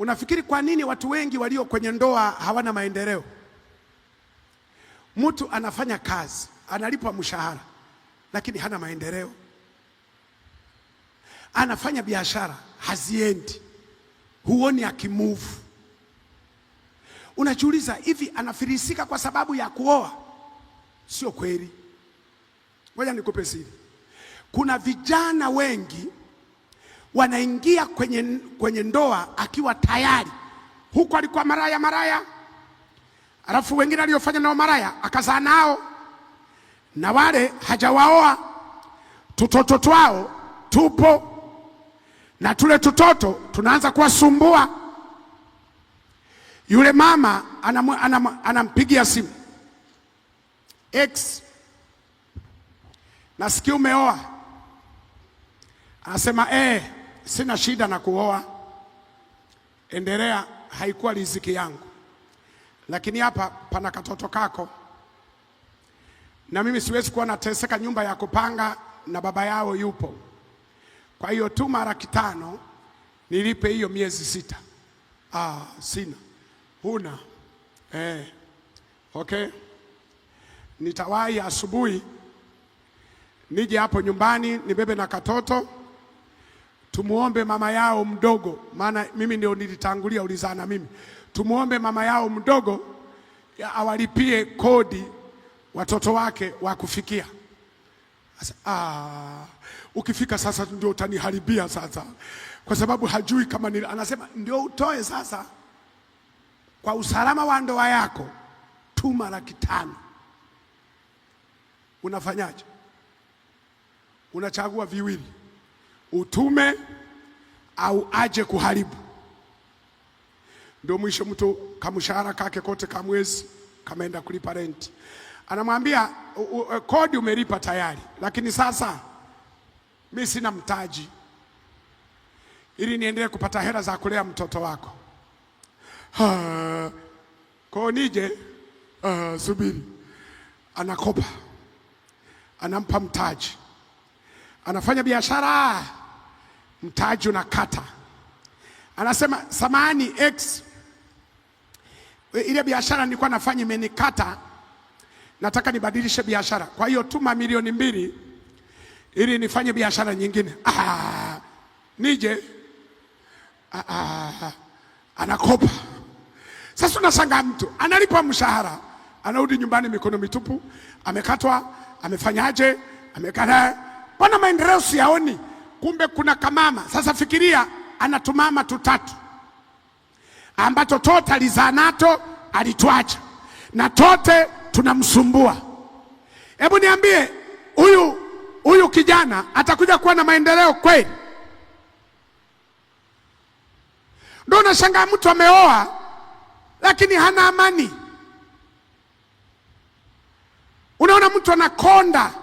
Unafikiri kwa nini watu wengi walio kwenye ndoa hawana maendeleo? Mtu anafanya kazi, analipwa mshahara, lakini hana maendeleo. Anafanya biashara haziendi, huoni akimuvu. Unajiuliza, hivi anafilisika kwa sababu ya kuoa? Sio kweli. Ngoja nikupe siri, kuna vijana wengi wanaingia kwenye, kwenye ndoa akiwa tayari huku alikuwa maraya maraya, alafu wengine aliofanya nao maraya akazaa nao, na wale hajawaoa tutoto twao tupo, na tule tutoto tunaanza kuwasumbua. Yule mama anam, anam, anampigia simu x nasikia umeoa, anasema eh sina shida na kuoa, endelea, haikuwa riziki yangu, lakini hapa pana katoto kako, na mimi siwezi kuwa nateseka nyumba ya kupanga na baba yao yupo. Kwa hiyo tu mara kitano nilipe hiyo miezi sita. Ah, sina huna eh, okay, nitawahi asubuhi nije hapo nyumbani nibebe na katoto Tumuombe mama yao mdogo, maana mimi ndio nilitangulia, ulizaa na mimi. Tumuombe mama yao mdogo ya awalipie kodi watoto wake wa kufikia. ah, ukifika sasa ndio utaniharibia sasa, kwa sababu hajui kama ni, anasema ndio utoe sasa kwa usalama wa ndoa yako, tuma laki tano. Unafanyaje? Unachagua viwili utume au aje kuharibu. Ndio mwisho mtu kamshahara kake kote kamwezi kameenda kulipa renti, anamwambia eh, kodi umelipa tayari, lakini sasa mi sina mtaji ili niendelee kupata hela za kulea mtoto wako ko nije. Uh, subiri, anakopa, anampa mtaji, anafanya biashara mtaji unakata. Anasema samani x, ile biashara nilikuwa nafanya imenikata, nataka nibadilishe biashara, kwa hiyo tuma milioni mbili ili nifanye biashara nyingine. Ah, nije ah, ah, anakopa sasa. Unashangaa mtu analipa mshahara, anarudi nyumbani mikono mitupu, amekatwa, amefanyaje? Amekana, mbona maendeleo siyaoni? kumbe kuna kamama. Sasa fikiria, ana tumama tutatu ambacho tote alizaa nato alituacha na tote tunamsumbua. Hebu niambie, huyu huyu kijana atakuja kuwa na maendeleo kweli? Ndio unashangaa mtu ameoa lakini hana amani. Unaona mtu anakonda